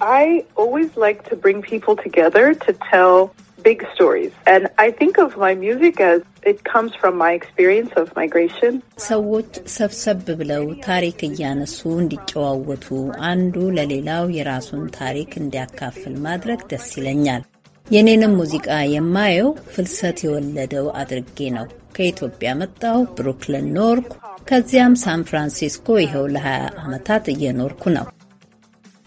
I always like to bring people together to tell big stories. And I think of my music as it comes from my experience of migration. ሰዎች ሰብሰብ ብለው ታሪክ እያነሱ እንዲጨዋወቱ፣ አንዱ ለሌላው የራሱን ታሪክ እንዲያካፍል ማድረግ ደስ ይለኛል። የኔንም ሙዚቃ የማየው ፍልሰት የወለደው አድርጌ ነው። ከኢትዮጵያ መጣሁ፣ ብሩክሊን ኖርኩ፣ ከዚያም ሳን ፍራንሲስኮ ይኸው ለ20 ዓመታት እየኖርኩ ነው።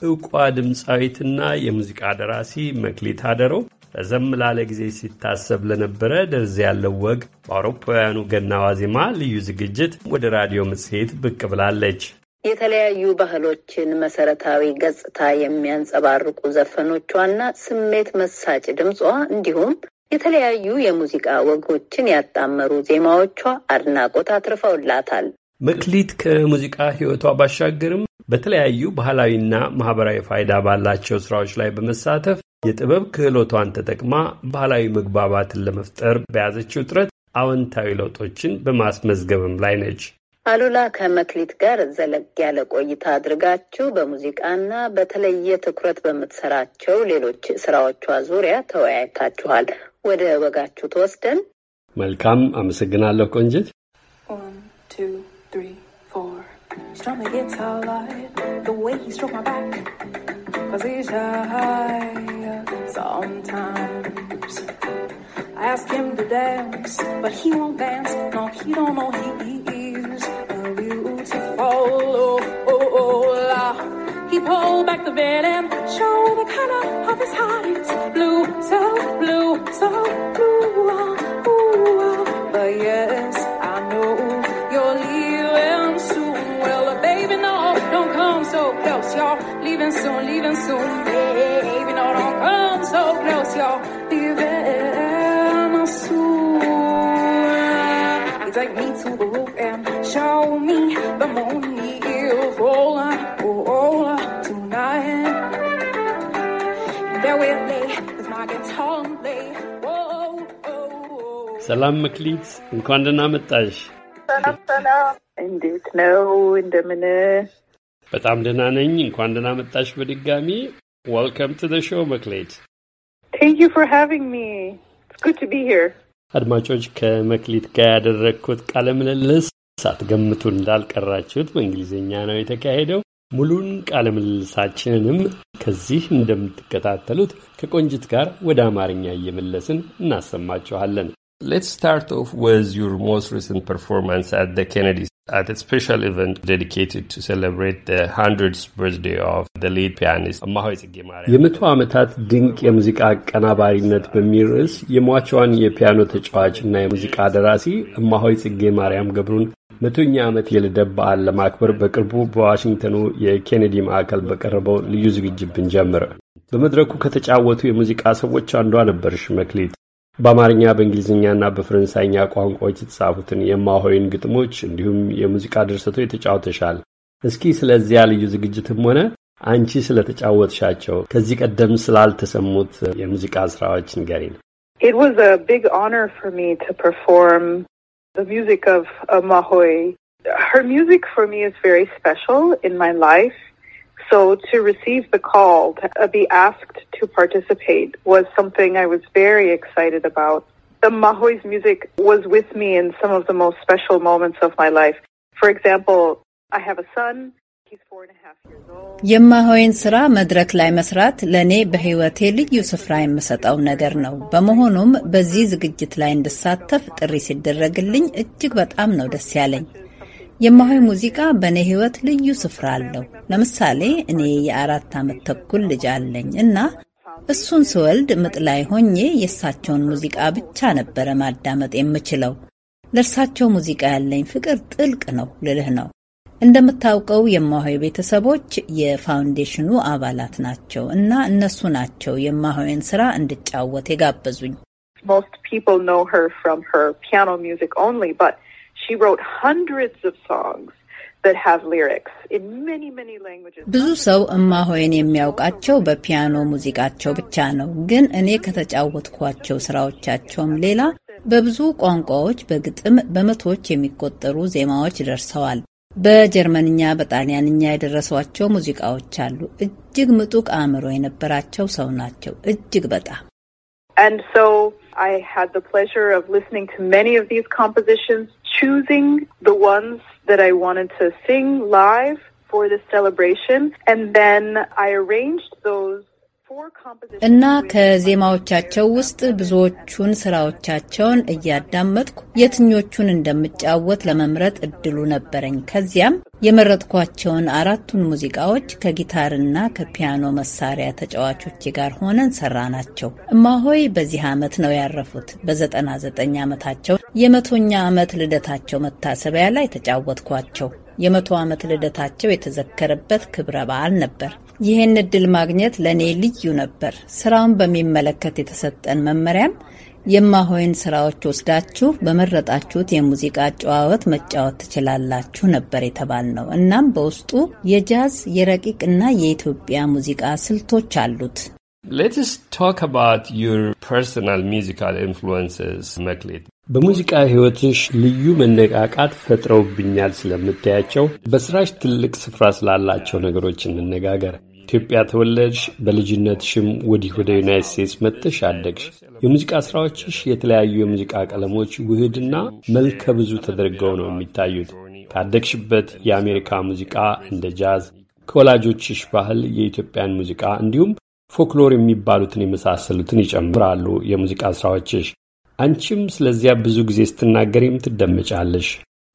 እውቋ ድምፃዊትና የሙዚቃ ደራሲ መክሊት አደረው ረዘም ላለ ጊዜ ሲታሰብ ለነበረ ደርዝ ያለው ወግ በአውሮፓውያኑ ገና ዋዜማ ልዩ ዝግጅት ወደ ራዲዮ መጽሔት ብቅ ብላለች። የተለያዩ ባህሎችን መሰረታዊ ገጽታ የሚያንጸባርቁ ዘፈኖቿና ስሜት መሳጭ ድምጿ እንዲሁም የተለያዩ የሙዚቃ ወጎችን ያጣመሩ ዜማዎቿ አድናቆት አትርፈውላታል። መክሊት ከሙዚቃ ሕይወቷ ባሻገርም በተለያዩ ባህላዊና ማህበራዊ ፋይዳ ባላቸው ስራዎች ላይ በመሳተፍ የጥበብ ክህሎቷን ተጠቅማ ባህላዊ መግባባትን ለመፍጠር በያዘችው ጥረት አዎንታዊ ለውጦችን በማስመዝገብም ላይ ነች። አሉላ ከመክሊት ጋር ዘለግ ያለ ቆይታ አድርጋችሁ በሙዚቃና በተለየ ትኩረት በምትሰራቸው ሌሎች ስራዎቿ ዙሪያ ተወያይታችኋል። ወደ ወጋችሁ ተወስደን። መልካም አመሰግናለሁ ቆንጅት። Strummed the guitar light, the way he stroked my back. Cause he's shy sometimes. I ask him to dance, but he won't dance. No, he don't know he is a beautiful. Oh, oh, oh, la. He pulled back the veil and showed the color of his heart. It's blue, so blue, so the roof and show me the moon is rolling, rolling tonight. there will lay with my guitar lay. ሰላም መክሊት፣ እንኳን ደህና መጣሽ። ሰላም ሰላም፣ እንዴት ነው? እንደምን በጣም ደህና ነኝ። እንኳን ደህና መጣሽ በድጋሚ። ዌልከም ቱ ዘ ሾው መክሌት። ታንክ ዩ ፎር ሃቪንግ ሚ ኢትስ ጉድ ቱ ቢ ሂር አድማጮች ከመክሊት ጋር ያደረግኩት ቃለ ምልልስ ሳትገምቱ እንዳልቀራችሁት በእንግሊዝኛ ነው የተካሄደው። ሙሉን ቃለ ምልልሳችንንም ከዚህ እንደምትከታተሉት ከቆንጅት ጋር ወደ አማርኛ እየመለስን እናሰማችኋለን። ሌትስ ስታርት ኦፍ ወዝ ዩር ሞስት ሪሰንት ፐርፎርማንስ አት ኬነዲ at a special event dedicated to celebrate the 100th birthday of the lead pianist እማሆይ ጽጌማርያም የመቶ ዓመታት ድንቅ የሙዚቃ አቀናባሪነት በሚል ርዕስ የሟቿን የፒያኖ ተጫዋች እና የሙዚቃ ደራሲ እማሆይ ጽጌ ማርያም ገብሩን መቶኛ ዓመት የልደት በዓል ለማክበር በቅርቡ በዋሽንግተኑ የኬኔዲ ማዕከል በቀረበው ልዩ ዝግጅት ብንጀምር። በመድረኩ ከተጫወቱ የሙዚቃ ሰዎች አንዷ ነበርሽ መክሊት። በአማርኛ በእንግሊዝኛና በፈረንሳይኛ ቋንቋዎች የተጻፉትን የማሆይን ግጥሞች እንዲሁም የሙዚቃ ድርሰቶች የተጫወተሻል። እስኪ ስለዚያ ልዩ ዝግጅትም ሆነ አንቺ ስለተጫወትሻቸው ከዚህ ቀደም ስላልተሰሙት የሙዚቃ ስራዎች ንገሪን። So to receive the call, to be asked to participate was something I was very excited about. The Mahoy's music was with me in some of the most special moments of my life. For example, I have a son. የማሆይን ስራ መድረክ ላይ መስራት ለእኔ በህይወቴ ልዩ ስፍራ የምሰጠው ነገር ነው። በመሆኑም በዚህ ዝግጅት ላይ እንድሳተፍ ጥሪ ሲደረግልኝ እጅግ በጣም ነው ደስ ያለኝ። የማሆይ ሙዚቃ በእኔ ህይወት ልዩ ስፍራ አለው። ለምሳሌ እኔ የአራት ዓመት ተኩል ልጅ አለኝ እና እሱን ስወልድ ምጥ ላይ ሆኜ የእሳቸውን ሙዚቃ ብቻ ነበረ ማዳመጥ የምችለው። ለእርሳቸው ሙዚቃ ያለኝ ፍቅር ጥልቅ ነው ልልህ ነው። እንደምታውቀው የማሆይ ቤተሰቦች የፋውንዴሽኑ አባላት ናቸው እና እነሱ ናቸው የማሆይን ስራ እንድጫወት የጋበዙኝ። ብዙ ሰው እማሆይን የሚያውቃቸው በፒያኖ ሙዚቃቸው ብቻ ነው። ግን እኔ ከተጫወትኳቸው ስራዎቻቸውም ሌላ በብዙ ቋንቋዎች በግጥም በመቶዎች የሚቆጠሩ ዜማዎች ደርሰዋል። በጀርመንኛ፣ በጣሊያንኛ የደረሷቸው ሙዚቃዎች አሉ። እጅግ ምጡቅ አእምሮ የነበራቸው ሰው ናቸው። እጅግ በጣም And so I had the pleasure of listening to many of these compositions choosing the ones that I wanted to sing live for the celebration. And then I arranged those እና ከዜማዎቻቸው ውስጥ ብዙዎቹን ስራዎቻቸውን እያዳመጥኩ የትኞቹን እንደምጫወት ለመምረጥ እድሉ ነበረኝ። ከዚያም የመረጥኳቸውን አራቱን ሙዚቃዎች ከጊታርና ከፒያኖ መሳሪያ ተጫዋቾቼ ጋር ሆነን ናቸው። እማሆይ በዚህ ዓመት ነው ያረፉት። በ99 ዓመታቸው የመቶኛ ዓመት ልደታቸው መታሰቢያ ላይ ተጫወትኳቸው። የመቶ ዓመት ልደታቸው የተዘከረበት ክብረ በዓል ነበር። ይህን እድል ማግኘት ለእኔ ልዩ ነበር። ስራውን በሚመለከት የተሰጠን መመሪያም የማሆይን ስራዎች ወስዳችሁ በመረጣችሁት የሙዚቃ አጨዋወት መጫወት ትችላላችሁ ነበር የተባል ነው። እናም በውስጡ የጃዝ የረቂቅ እና የኢትዮጵያ ሙዚቃ ስልቶች አሉት። ሌትስ ቶክ አባት ዩር ፐርሰናል ሚዚካል ኢንፍሉንስስ መክሌት በሙዚቃ ሕይወትሽ ልዩ መነቃቃት ፈጥረውብኛል ስለምታያቸው በስራሽ ትልቅ ስፍራ ስላላቸው ነገሮች እንነጋገር። ኢትዮጵያ ተወለድሽ፣ በልጅነትሽም ወዲህ ወደ ዩናይት ስቴትስ መጥተሽ አደግሽ። የሙዚቃ ስራዎችሽ የተለያዩ የሙዚቃ ቀለሞች ውህድና መልከ ብዙ ተደርገው ነው የሚታዩት። ካደግሽበት የአሜሪካ ሙዚቃ እንደ ጃዝ፣ ከወላጆችሽ ባህል የኢትዮጵያን ሙዚቃ እንዲሁም ፎክሎር የሚባሉትን የመሳሰሉትን ይጨምራሉ የሙዚቃ ስራዎችሽ። አንቺም ስለዚያ ብዙ ጊዜ ስትናገሪም ትደመጫለሽ።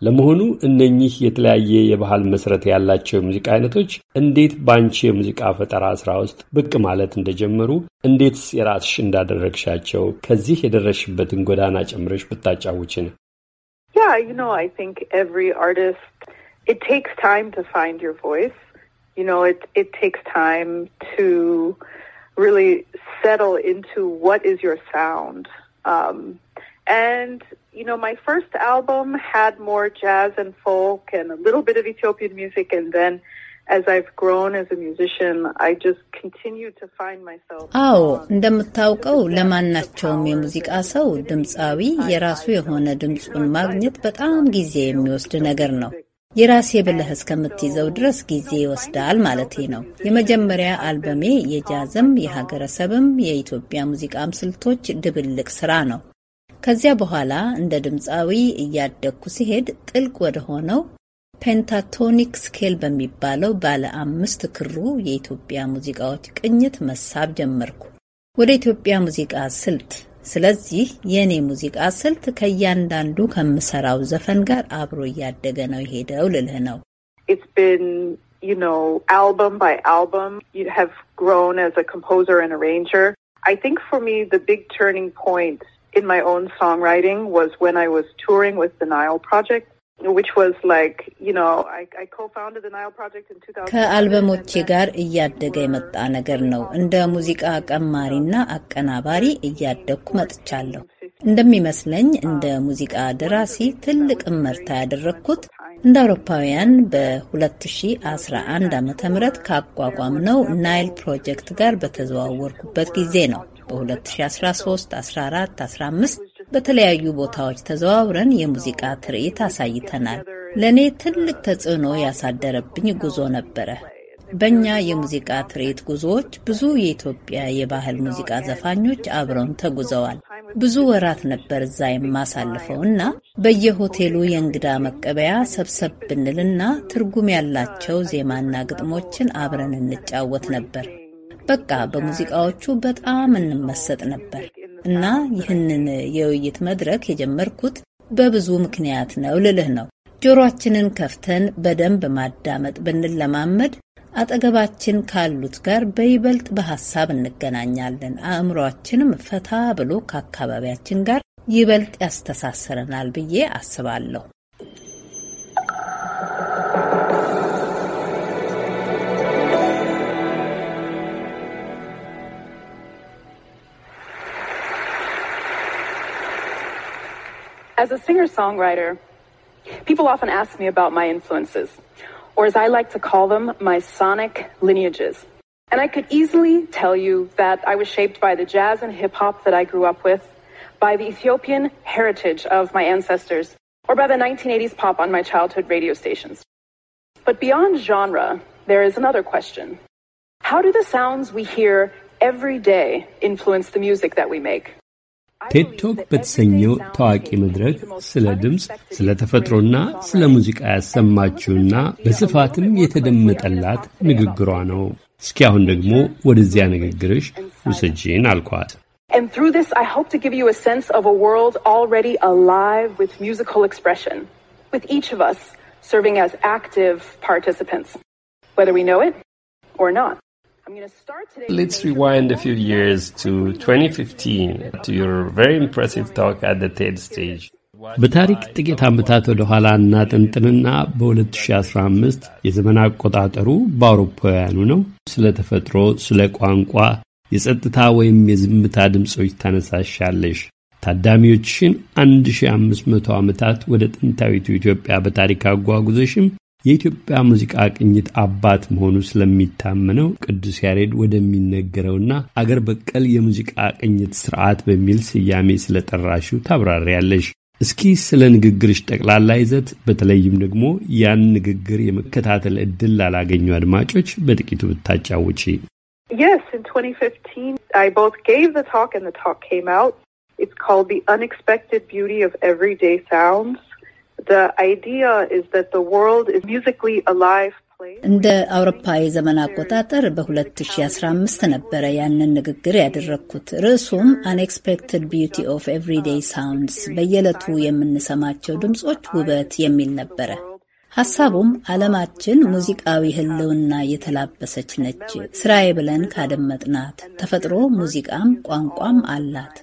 ለመሆኑ እነኚህ የተለያየ የባህል መሠረት ያላቸው የሙዚቃ አይነቶች እንዴት በአንቺ የሙዚቃ ፈጠራ ሥራ ውስጥ ብቅ ማለት እንደጀመሩ፣ እንዴትስ የራስሽ እንዳደረግሻቸው ከዚህ የደረስሽበትን ጎዳና ጨምረሽ ብታጫውችን። ያ you know, I think every artist, it takes time to find your voice. You know, it, it takes time to really settle into what is your sound. Um, and, you know, my first album had more jazz and folk and a little bit of Ethiopian music. And then as I've grown as a musician, I just continue to find myself. አዎ oh, እንደምታውቀው ለማናቸውም የሙዚቃ ሰው ድምፃዊ የራሱ የሆነ ድምፁን ማግኘት በጣም ጊዜ የሚወስድ ነገር ነው። የራሴ ብለህ እስከምትይዘው ድረስ ጊዜ ይወስዳል ማለቴ ነው። የመጀመሪያ አልበሜ የጃዝም የሀገረሰብም የኢትዮጵያ ሙዚቃም ስልቶች ድብልቅ ስራ ነው። ከዚያ በኋላ እንደ ድምፃዊ እያደግኩ ሲሄድ ጥልቅ ወደ ሆነው ፔንታቶኒክ ስኬል በሚባለው ባለ አምስት ክሩ የኢትዮጵያ ሙዚቃዎች ቅኝት መሳብ ጀመርኩ። ወደ ኢትዮጵያ ሙዚቃ ስልት ስለዚህ የእኔ ሙዚቃ ስልት ከእያንዳንዱ ከምሰራው ዘፈን ጋር አብሮ እያደገ ነው የሄደው ልልህ ነው። You know, album by album, you have grown as a composer and arranger. I think for me, the big turning point in my own songwriting was when I was touring with the Nile Project. ከአልበሞቼ ጋር እያደገ የመጣ ነገር ነው። እንደ ሙዚቃ ቀማሪና አቀናባሪ እያደግኩ መጥቻለሁ። እንደሚመስለኝ እንደ ሙዚቃ ደራሲ ትልቅ እመርታ ያደረግኩት እንደ አውሮፓውያን በ2011 ዓ ም ካቋቋም ነው ናይል ፕሮጀክት ጋር በተዘዋወርኩበት ጊዜ ነው። በ2013፣ 14፣ 15 በተለያዩ ቦታዎች ተዘዋውረን የሙዚቃ ትርኢት አሳይተናል። ለእኔ ትልቅ ተጽዕኖ ያሳደረብኝ ጉዞ ነበረ። በእኛ የሙዚቃ ትርኢት ጉዞዎች ብዙ የኢትዮጵያ የባህል ሙዚቃ ዘፋኞች አብረውን ተጉዘዋል። ብዙ ወራት ነበር እዛ የማሳልፈው እና በየሆቴሉ የእንግዳ መቀበያ ሰብሰብ ብንልና ትርጉም ያላቸው ዜማና ግጥሞችን አብረን እንጫወት ነበር። በቃ በሙዚቃዎቹ በጣም እንመሰጥ ነበር። እና ይህንን የውይይት መድረክ የጀመርኩት በብዙ ምክንያት ነው ልልህ ነው። ጆሮአችንን ከፍተን በደንብ ማዳመጥ ብንለማመድ አጠገባችን ካሉት ጋር በይበልጥ በሀሳብ እንገናኛለን። አእምሯችንም ፈታ ብሎ ከአካባቢያችን ጋር ይበልጥ ያስተሳስረናል ብዬ አስባለሁ። As a singer songwriter, people often ask me about my influences, or as I like to call them, my sonic lineages. And I could easily tell you that I was shaped by the jazz and hip hop that I grew up with, by the Ethiopian heritage of my ancestors, or by the 1980s pop on my childhood radio stations. But beyond genre, there is another question. How do the sounds we hear every day influence the music that we make? ቴድቶክ በተሰኘው ታዋቂ መድረክ ስለ ድምፅ፣ ስለ ተፈጥሮና ስለ ሙዚቃ ያሰማችውና በስፋትም የተደመጠላት ንግግሯ ነው። እስኪ አሁን ደግሞ ወደዚያ ንግግርሽ ውሰጂን አልኳት። serving as active participants, whether we know it or not. Let's rewind a few years to 2015 to your very impressive talk at the TED stage. በታሪክ ጥቂት ዓመታት ወደ ኋላ ጥንጥንና በ2015 የዘመን አቆጣጠሩ በአውሮፓውያኑ ነው። ስለ ተፈጥሮ፣ ስለ ቋንቋ፣ የጸጥታ ወይም የዝምታ ድምፆች ታነሳሻለሽ። ታዳሚዎችሽን 1500 ዓመታት ወደ ጥንታዊቱ ኢትዮጵያ በታሪክ አጓጉዘሽም የኢትዮጵያ ሙዚቃ ቅኝት አባት መሆኑ ስለሚታመነው ቅዱስ ያሬድ ወደሚነገረውና አገር በቀል የሙዚቃ ቅኝት ስርዓት በሚል ስያሜ ስለጠራሹ ታብራሪያለሽ። እስኪ ስለ ንግግርሽ ጠቅላላ ይዘት በተለይም ደግሞ ያን ንግግር የመከታተል እድል ላላገኙ አድማጮች በጥቂቱ ብታጫውጪ። Yes, in 2015, I both gave the talk and the talk came out. It's called The Unexpected Beauty of Everyday Sounds. እንደ አውሮፓ የዘመን አቆጣጠር በ2015 ነበረ ያንን ንግግር ያደረግኩት። ርዕሱም አንኤክስፔክትድ ቢዩቲ ኦፍ ኤቭሪዴይ ሳውንድስ፣ በየዕለቱ የምንሰማቸው ድምፆች ውበት የሚል ነበረ። ሐሳቡም ዓለማችን ሙዚቃዊ ሕልውና የተላበሰች ነች፣ ስራዬ ብለን ካደመጥናት። ተፈጥሮ ሙዚቃም ቋንቋም አላት።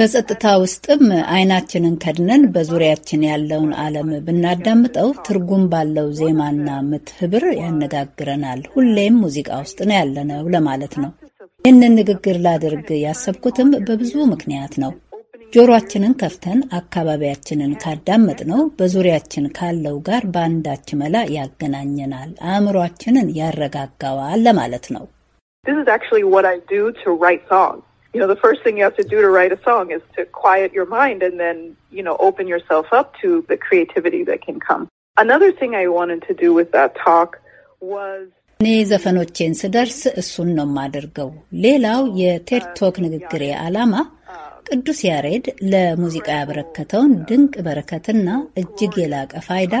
በጸጥታ ውስጥም አይናችንን ከድነን በዙሪያችን ያለውን ዓለም ብናዳምጠው ትርጉም ባለው ዜማና ምት ህብር ያነጋግረናል። ሁሌም ሙዚቃ ውስጥ ነው ያለነው ለማለት ነው። ይህንን ንግግር ላድርግ ያሰብኩትም በብዙ ምክንያት ነው። ጆሮአችንን ከፍተን አካባቢያችንን ነው በዙሪያችን ካለው ጋር በአንዳች መላ ያገናኘናል፣ አእምሯችንን ያረጋጋዋል ለማለት ነው። you know, the first thing you have to do to write a song is to quiet your mind and then, you know, open yourself up to the creativity that can come. Another thing I wanted to do with that talk was እኔ ዘፈኖቼን ስደርስ እሱን ነው የማደርገው። ሌላው የቴድቶክ ንግግሬ ዓላማ ቅዱስ ያሬድ ለሙዚቃ ያበረከተውን ድንቅ በረከትና እጅግ የላቀ ፋይዳ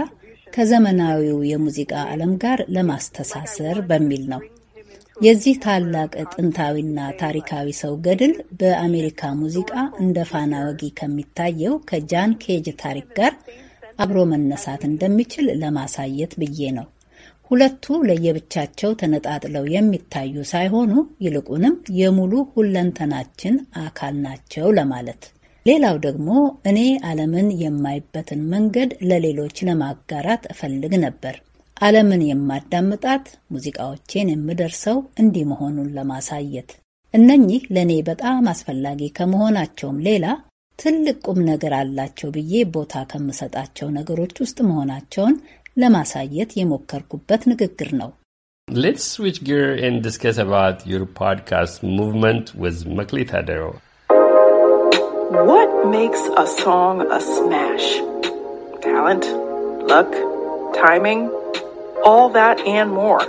ከዘመናዊው የሙዚቃ ዓለም ጋር ለማስተሳሰር በሚል ነው። የዚህ ታላቅ ጥንታዊና ታሪካዊ ሰው ገድል በአሜሪካ ሙዚቃ እንደ ፋና ወጊ ከሚታየው ከጃን ኬጅ ታሪክ ጋር አብሮ መነሳት እንደሚችል ለማሳየት ብዬ ነው። ሁለቱ ለየብቻቸው ተነጣጥለው የሚታዩ ሳይሆኑ ይልቁንም የሙሉ ሁለንተናችን አካል ናቸው ለማለት። ሌላው ደግሞ እኔ ዓለምን የማይበትን መንገድ ለሌሎች ለማጋራት እፈልግ ነበር። ዓለምን የማዳምጣት ሙዚቃዎቼን የምደርሰው እንዲህ መሆኑን ለማሳየት እነኚህ ለእኔ በጣም አስፈላጊ ከመሆናቸውም ሌላ ትልቅ ቁም ነገር አላቸው ብዬ ቦታ ከምሰጣቸው ነገሮች ውስጥ መሆናቸውን ለማሳየት የሞከርኩበት ንግግር ነው። ሌትስ ስዊች ጊር ሜክስ አ ሶንግ ታይሚንግ All that and more.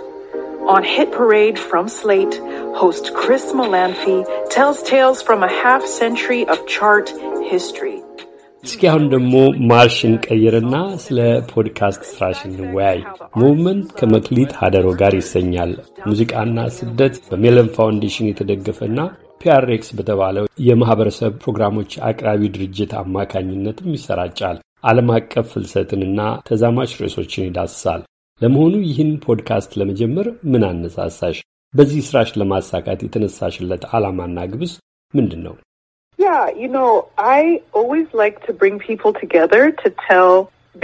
On Hit Parade from Slate, host Chris Malanfi tells tales from a half century of chart history. እስኪ አሁን ደግሞ ማርሽን ቀይርና ስለ ፖድካስት ስራሽ እንወያይ። ሙቭመንት ከመክሊት ሀደሮ ጋር ይሰኛል። ሙዚቃና ስደት በሜለን ፋውንዴሽን የተደገፈና ፒአርኤክስ በተባለው የማህበረሰብ ፕሮግራሞች አቅራቢ ድርጅት አማካኝነትም ይሰራጫል። ዓለም አቀፍ ፍልሰትንና ተዛማች ርዕሶችን ይዳስሳል። ለመሆኑ ይህን ፖድካስት ለመጀመር ምን አነሳሳሽ? በዚህ ስራሽ ለማሳካት የተነሳሽለት ዓላማና ግብስ ምንድን Yeah, you know, I always like to bring people together to tell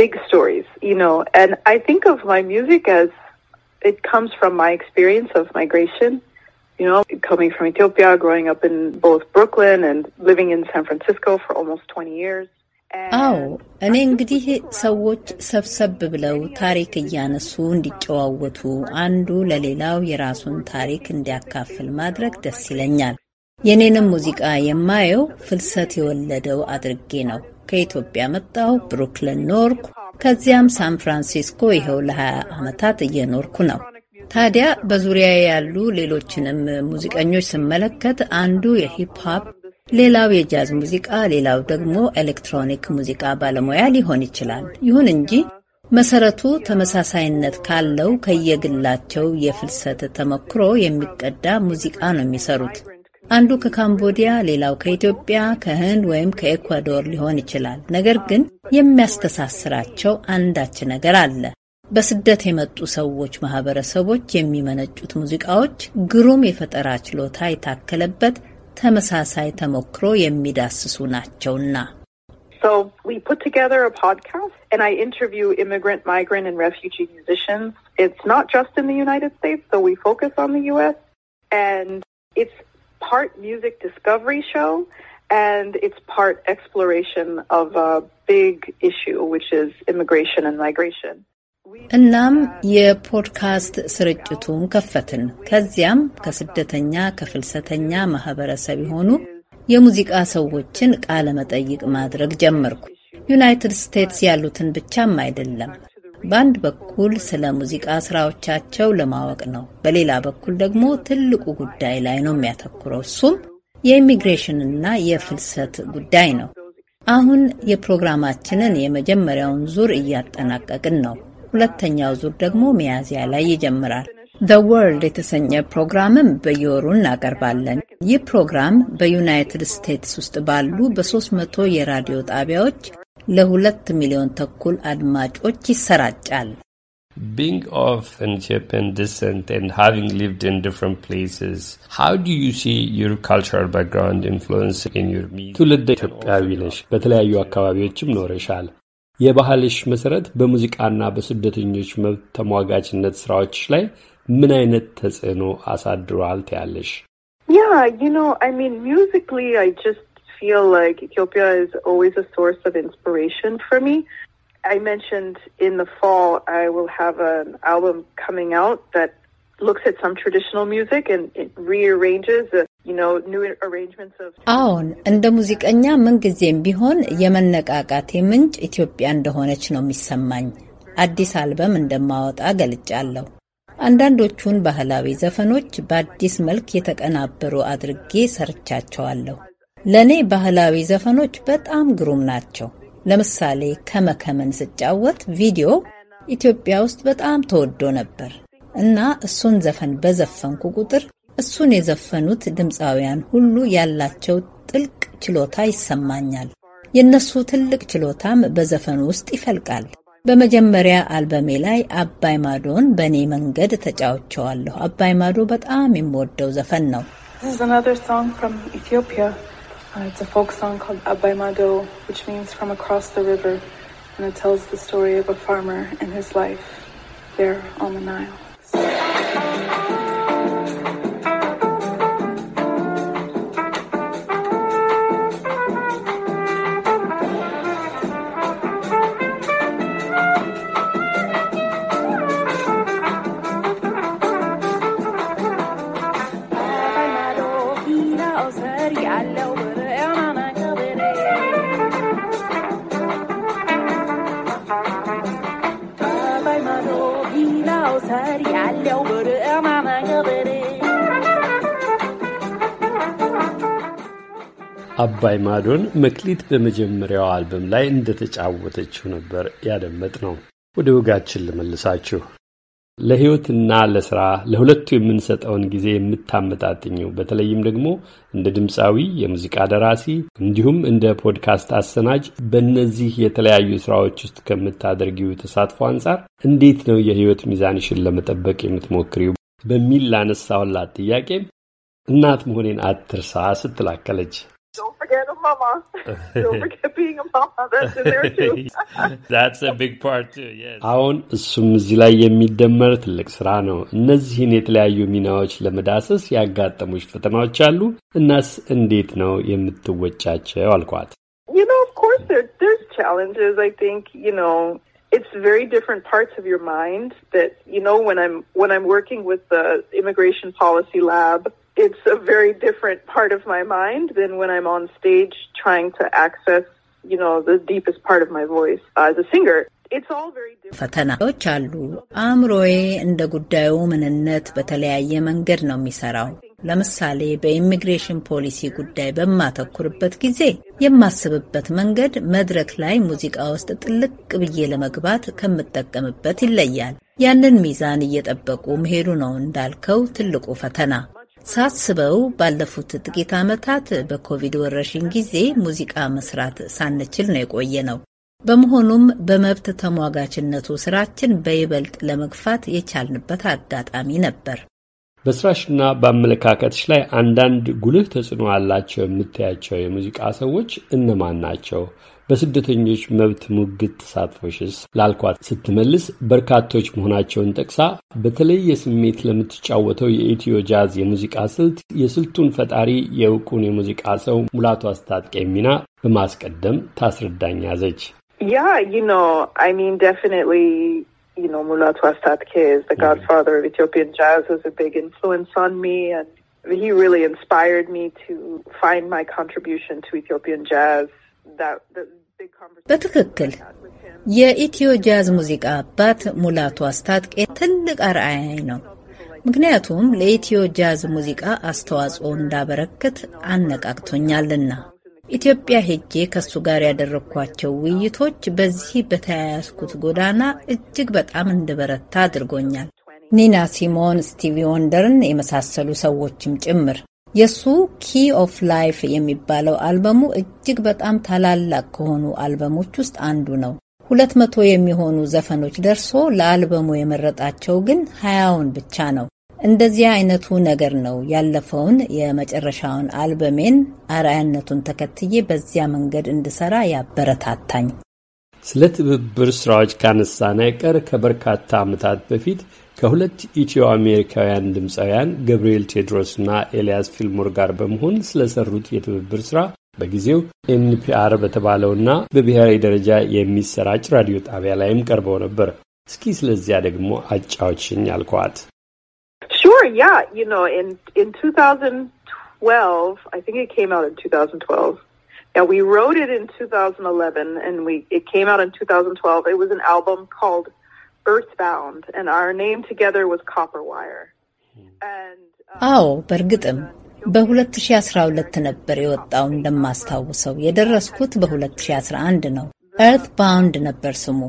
big stories, you know, and I think of my music as it comes from my experience of migration, you know, coming from Ethiopia, growing up in both Brooklyn and living in San Francisco for almost 20 years. አዎ እኔ እንግዲህ ሰዎች ሰብሰብ ብለው ታሪክ እያነሱ እንዲጨዋወቱ፣ አንዱ ለሌላው የራሱን ታሪክ እንዲያካፍል ማድረግ ደስ ይለኛል። የኔንም ሙዚቃ የማየው ፍልሰት የወለደው አድርጌ ነው። ከኢትዮጵያ መጣሁ፣ ብሩክሊን ኖርኩ። ከዚያም ሳን ፍራንሲስኮ ይኸው ለ20 ዓመታት እየኖርኩ ነው። ታዲያ በዙሪያ ያሉ ሌሎችንም ሙዚቀኞች ስመለከት አንዱ የሂፕ ሆፕ ሌላው የጃዝ ሙዚቃ፣ ሌላው ደግሞ ኤሌክትሮኒክ ሙዚቃ ባለሙያ ሊሆን ይችላል። ይሁን እንጂ መሰረቱ ተመሳሳይነት ካለው ከየግላቸው የፍልሰት ተመክሮ የሚቀዳ ሙዚቃ ነው የሚሰሩት። አንዱ ከካምቦዲያ፣ ሌላው ከኢትዮጵያ፣ ከህንድ ወይም ከኤኳዶር ሊሆን ይችላል። ነገር ግን የሚያስተሳስራቸው አንዳች ነገር አለ። በስደት የመጡ ሰዎች ማህበረሰቦች የሚመነጩት ሙዚቃዎች ግሩም የፈጠራ ችሎታ የታከለበት ተመሳሳይ ተሞክሮ የሚዳስሱ ናቸውና። So we put together a podcast and I interview immigrant, migrant, and refugee musicians. It's not just in the United States, so we focus on the U.S. And it's part music discovery show and it's part exploration of a big issue, which is immigration and migration. እናም የፖድካስት ስርጭቱን ከፈትን። ከዚያም ከስደተኛ ከፍልሰተኛ ማህበረሰብ የሆኑ የሙዚቃ ሰዎችን ቃለ መጠይቅ ማድረግ ጀመርኩ። ዩናይትድ ስቴትስ ያሉትን ብቻም አይደለም። በአንድ በኩል ስለ ሙዚቃ ስራዎቻቸው ለማወቅ ነው፣ በሌላ በኩል ደግሞ ትልቁ ጉዳይ ላይ ነው የሚያተኩረው። እሱም የኢሚግሬሽንና የፍልሰት ጉዳይ ነው። አሁን የፕሮግራማችንን የመጀመሪያውን ዙር እያጠናቀቅን ነው። ሁለተኛው ዙር ደግሞ ሚያዝያ ላይ ይጀምራል። ዘ ወርልድ የተሰኘ ፕሮግራምም በየወሩ እናቀርባለን። ይህ ፕሮግራም በዩናይትድ ስቴትስ ውስጥ ባሉ በ300 የራዲዮ ጣቢያዎች ለሁለት ሚሊዮን ተኩል አድማጮች ይሰራጫል። Being of Ethiopian descent and having lived in different places, how do you see your cultural background in your music? ትውልደ ኢትዮጵያዊ ነሽ፣ በተለያዩ አካባቢዎችም ኖረሻል። Yeah, you know, I mean, musically, I just feel like Ethiopia is always a source of inspiration for me. I mentioned in the fall, I will have an album coming out that looks at some traditional music and it rearranges. A- አሁን እንደ ሙዚቀኛ ምንጊዜም ቢሆን የመነቃቃቴ ምንጭ ኢትዮጵያ እንደሆነች ነው የሚሰማኝ። አዲስ አልበም እንደማወጣ ገልጫለሁ። አንዳንዶቹን ባህላዊ ዘፈኖች በአዲስ መልክ የተቀናበሩ አድርጌ ሰርቻቸዋለሁ። ለእኔ ባህላዊ ዘፈኖች በጣም ግሩም ናቸው። ለምሳሌ ከመከመን ስጫወት ቪዲዮ ኢትዮጵያ ውስጥ በጣም ተወዶ ነበር እና እሱን ዘፈን በዘፈንኩ ቁጥር እሱን የዘፈኑት ድምፃውያን ሁሉ ያላቸው ጥልቅ ችሎታ ይሰማኛል። የእነሱ ትልቅ ችሎታም በዘፈኑ ውስጥ ይፈልቃል። በመጀመሪያ አልበሜ ላይ አባይ ማዶን በእኔ መንገድ ተጫውቸዋለሁ። አባይ ማዶ በጣም የምወደው ዘፈን ነው። አባይ ማዶን መክሊት በመጀመሪያው አልበም ላይ እንደተጫወተችው ነበር ያደመጥ ነው። ወደ ወጋችን ልመልሳችሁ። ለሕይወትና ለሥራ ለሁለቱ የምንሰጠውን ጊዜ የምታመጣጥኘው በተለይም ደግሞ እንደ ድምፃዊ፣ የሙዚቃ ደራሲ እንዲሁም እንደ ፖድካስት አሰናጅ በእነዚህ የተለያዩ ሥራዎች ውስጥ ከምታደርጊው ተሳትፎ አንጻር እንዴት ነው የሕይወት ሚዛንሽን ለመጠበቅ የምትሞክሪው በሚል ላነሳውላት ጥያቄም እናት መሆኔን አትርሳ ስትላከለች Don't forget a mama. Don't forget being a mama. That's in there too. That's a big part too. Yes. አሁን እሱም እዚህ ላይ የሚደመር ትልቅ ስራ ነው። እነዚህን የተለያዩ ሚናዎች ለመዳሰስ ያጋጠሙሽ ፈተናዎች አሉ። እናስ እንዴት ነው የምትወጫቸው አልኳት። You know, of course there, there's challenges. I think, you know, it's very different parts of your mind that, you know, when I'm when I'm working with the immigration policy lab it's a very different part of my mind than when I'm on stage trying to access, you know, the deepest part of my voice as a singer. ፈተናዎች አሉ። አእምሮዬ እንደ ጉዳዩ ምንነት በተለያየ መንገድ ነው የሚሰራው። ለምሳሌ በኢሚግሬሽን ፖሊሲ ጉዳይ በማተኩርበት ጊዜ የማስብበት መንገድ መድረክ ላይ ሙዚቃ ውስጥ ጥልቅ ብዬ ለመግባት ከምጠቀምበት ይለያል። ያንን ሚዛን እየጠበቁ መሄዱ ነው እንዳልከው ትልቁ ፈተና። ሳስበው ባለፉት ጥቂት ዓመታት በኮቪድ ወረርሽኝ ጊዜ ሙዚቃ መስራት ሳንችል ነው የቆየ ነው። በመሆኑም በመብት ተሟጋችነቱ ስራችን በይበልጥ ለመግፋት የቻልንበት አጋጣሚ ነበር። በስራሽና በአመለካከትሽ ላይ አንዳንድ ጉልህ ተጽዕኖ አላቸው የምታያቸው የሙዚቃ ሰዎች እነማን ናቸው? በስደተኞች መብት ሙግት ተሳትፎሽስ ላልኳት ስትመልስ በርካቶች መሆናቸውን ጠቅሳ በተለየ ስሜት ለምትጫወተው የኢትዮ ጃዝ የሙዚቃ ስልት የስልቱን ፈጣሪ የእውቁን የሙዚቃ ሰው ሙላቱ አስታጥቄ ሚና በማስቀደም ታስረዳኝ ያዘች። ያ ዩ ኖ አይ ሚን ደፊኒትሊ you know, Mulatu Astatke is the mm-hmm. godfather of Ethiopian jazz, was a big influence on me. And he really inspired me to find my contribution to Ethiopian jazz. That, that big በትክክል የኢትዮ ጃዝ ሙዚቃ አባት ሙላቱ አስታጥቄ ትልቅ አርአያኝ ነው። ምክንያቱም ለኢትዮ ጃዝ ሙዚቃ አስተዋጽኦ እንዳበረክት አነቃቅቶኛልና። ኢትዮጵያ ሄጄ ከሱ ጋር ያደረግኳቸው ውይይቶች በዚህ በተያያዝኩት ጎዳና እጅግ በጣም እንድበረታ አድርጎኛል። ኒና ሲሞን፣ ስቲቪ ወንደርን የመሳሰሉ ሰዎችም ጭምር። የእሱ ኪ ኦፍ ላይፍ የሚባለው አልበሙ እጅግ በጣም ታላላቅ ከሆኑ አልበሞች ውስጥ አንዱ ነው። ሁለት መቶ የሚሆኑ ዘፈኖች ደርሶ ለአልበሙ የመረጣቸው ግን ሀያውን ብቻ ነው። እንደዚህ አይነቱ ነገር ነው ያለፈውን የመጨረሻውን አልበሜን አርአያነቱን ተከትዬ በዚያ መንገድ እንድሰራ ያበረታታኝ። ስለ ትብብር ስራዎች ካነሳን አይቀር ከበርካታ ዓመታት በፊት ከሁለት ኢትዮ አሜሪካውያን ድምፃውያን ገብርኤል ቴዎድሮስና ኤልያስ ፊልሞር ጋር በመሆን ስለሰሩት የትብብር ስራ በጊዜው ኤንፒአር በተባለውና በብሔራዊ ደረጃ የሚሰራጭ ራዲዮ ጣቢያ ላይም ቀርበው ነበር። እስኪ ስለዚያ ደግሞ አጫዎችን ያልከዋት Sure, yeah. You know, in in 2012, I think it came out in 2012. Now we wrote it in 2011, and we it came out in 2012. It was an album called Earthbound, and our name together was Copperwire. And um, አዎ በእርግጥም በ2012 ነበር የወጣው እንደማስታውሰው የደረስኩት በ2011 ነው። ኤርት ባውንድ ነበር ስሙ፣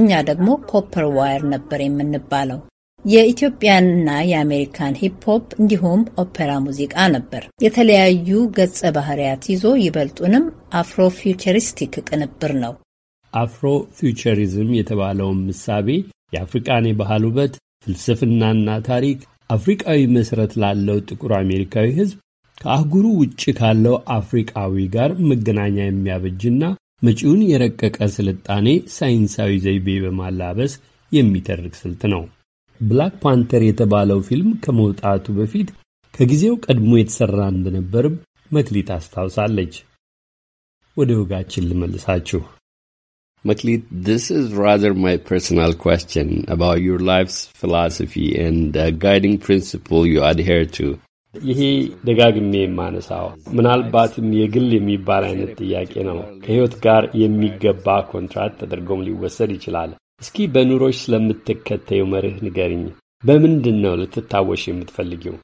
እኛ ደግሞ ኮፐር ዋየር ነበር የምንባለው። የኢትዮጵያንና የአሜሪካን ሂፕሆፕ እንዲሁም ኦፔራ ሙዚቃ ነበር። የተለያዩ ገጸ ባህሪያት ይዞ ይበልጡንም አፍሮ ፊውቸሪስቲክ ቅንብር ነው። አፍሮ ፊውቸሪዝም የተባለውን ምሳቤ የአፍሪቃን የባህል ውበት ፍልስፍናና ታሪክ አፍሪቃዊ መሠረት ላለው ጥቁር አሜሪካዊ ሕዝብ ከአህጉሩ ውጭ ካለው አፍሪቃዊ ጋር መገናኛ የሚያበጅና መጪውን የረቀቀ ስልጣኔ ሳይንሳዊ ዘይቤ በማላበስ የሚተርክ ስልት ነው። ብላክ ፓንተር የተባለው ፊልም ከመውጣቱ በፊት ከጊዜው ቀድሞ የተሰራ እንደነበርም መክሊት አስታውሳለች። ወደ ወጋችን ልመልሳችሁ። መክሊት this is rather my personal question about your life's philosophy and the guiding principle you adhere to ይሄ ደጋግሜ የማነሳው ምናልባትም የግል የሚባል አይነት ጥያቄ ነው። ከሕይወት ጋር የሚገባ ኮንትራት ተደርጎም ሊወሰድ ይችላል። እስኪ በኑሮሽ ስለምትከተይው መርህ ንገሪኝ። በምንድን ነው ልትታወሽ የምትፈልጊው?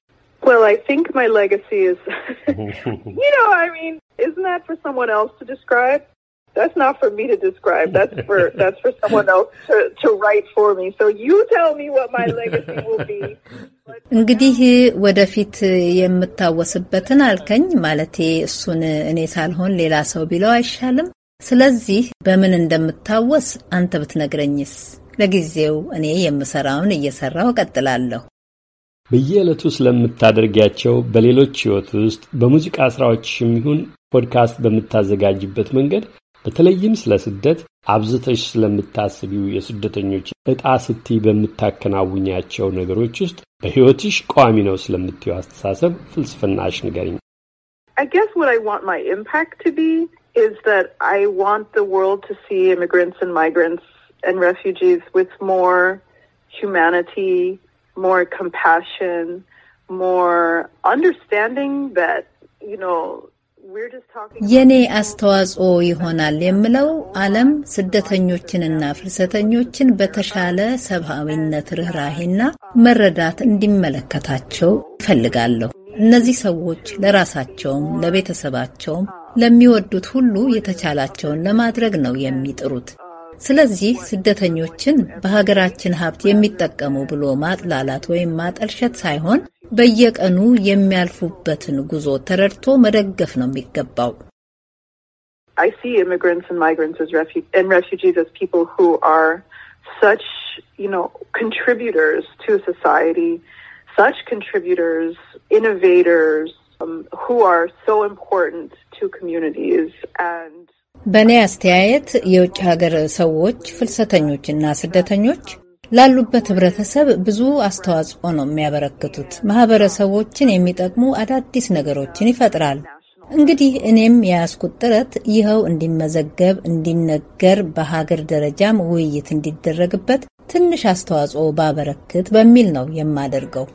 Well, I think my legacy is, you know, I mean, isn't that for someone else to describe? That's not for me to describe. That's for that's for someone else to, to write for me. So you tell me what my legacy will be. እንግዲህ ወደፊት የምታወስበትን አልከኝ። ማለቴ እሱን እኔ ሳልሆን ሌላ ሰው ቢለው አይሻልም? ስለዚህ በምን እንደምታወስ አንተ ብትነግረኝስ? ለጊዜው እኔ የምሰራውን እየሰራው እቀጥላለሁ። በየዕለቱ ስለምታደርጊያቸው በሌሎች ሕይወት ውስጥ በሙዚቃ ስራዎች ይሁን ፖድካስት በምታዘጋጅበት መንገድ በተለይም ስለ ስደት አብዝተሽ ስለምታስቢው የስደተኞች ዕጣ ስቲ በምታከናውኛቸው ነገሮች ውስጥ በሕይወትሽ ቋሚ ነው ስለምትየው አስተሳሰብ ፍልስፍናሽ ንገሪኝ። is that I want the world to see immigrants and migrants and refugees with more humanity, more compassion, more understanding that, you know, የኔ አስተዋጽኦ ይሆናል የምለው ዓለም ስደተኞችንና ፍልሰተኞችን በተሻለ ሰብአዊነት ርኅራሄና መረዳት እንዲመለከታቸው እፈልጋለሁ። እነዚህ ሰዎች ለራሳቸውም ለቤተሰባቸውም ለሚወዱት ሁሉ የተቻላቸውን ለማድረግ ነው የሚጥሩት። ስለዚህ ስደተኞችን በሀገራችን ሀብት የሚጠቀሙ ብሎ ማጥላላት ወይም ማጠልሸት ሳይሆን በየቀኑ የሚያልፉበትን ጉዞ ተረድቶ መደገፍ ነው የሚገባው። በእኔ አስተያየት የውጭ ሀገር ሰዎች ፍልሰተኞችና ስደተኞች ላሉበት ህብረተሰብ ብዙ አስተዋጽኦ ነው የሚያበረክቱት። ማህበረሰቦችን የሚጠቅሙ አዳዲስ ነገሮችን ይፈጥራል። እንግዲህ እኔም የያዝኩት ጥረት ይኸው እንዲመዘገብ፣ እንዲነገር፣ በሀገር ደረጃም ውይይት እንዲደረግበት ትንሽ አስተዋጽኦ ባበረክት በሚል ነው የማደርገው።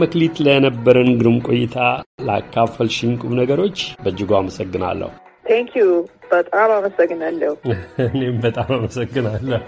መክሊት፣ ለነበረን ግሩም ቆይታ ላካፈልሽኝ ቁም ነገሮች በእጅጉ አመሰግናለሁ። ቴንክ ዩ። በጣም አመሰግናለሁ። እኔም በጣም አመሰግናለሁ።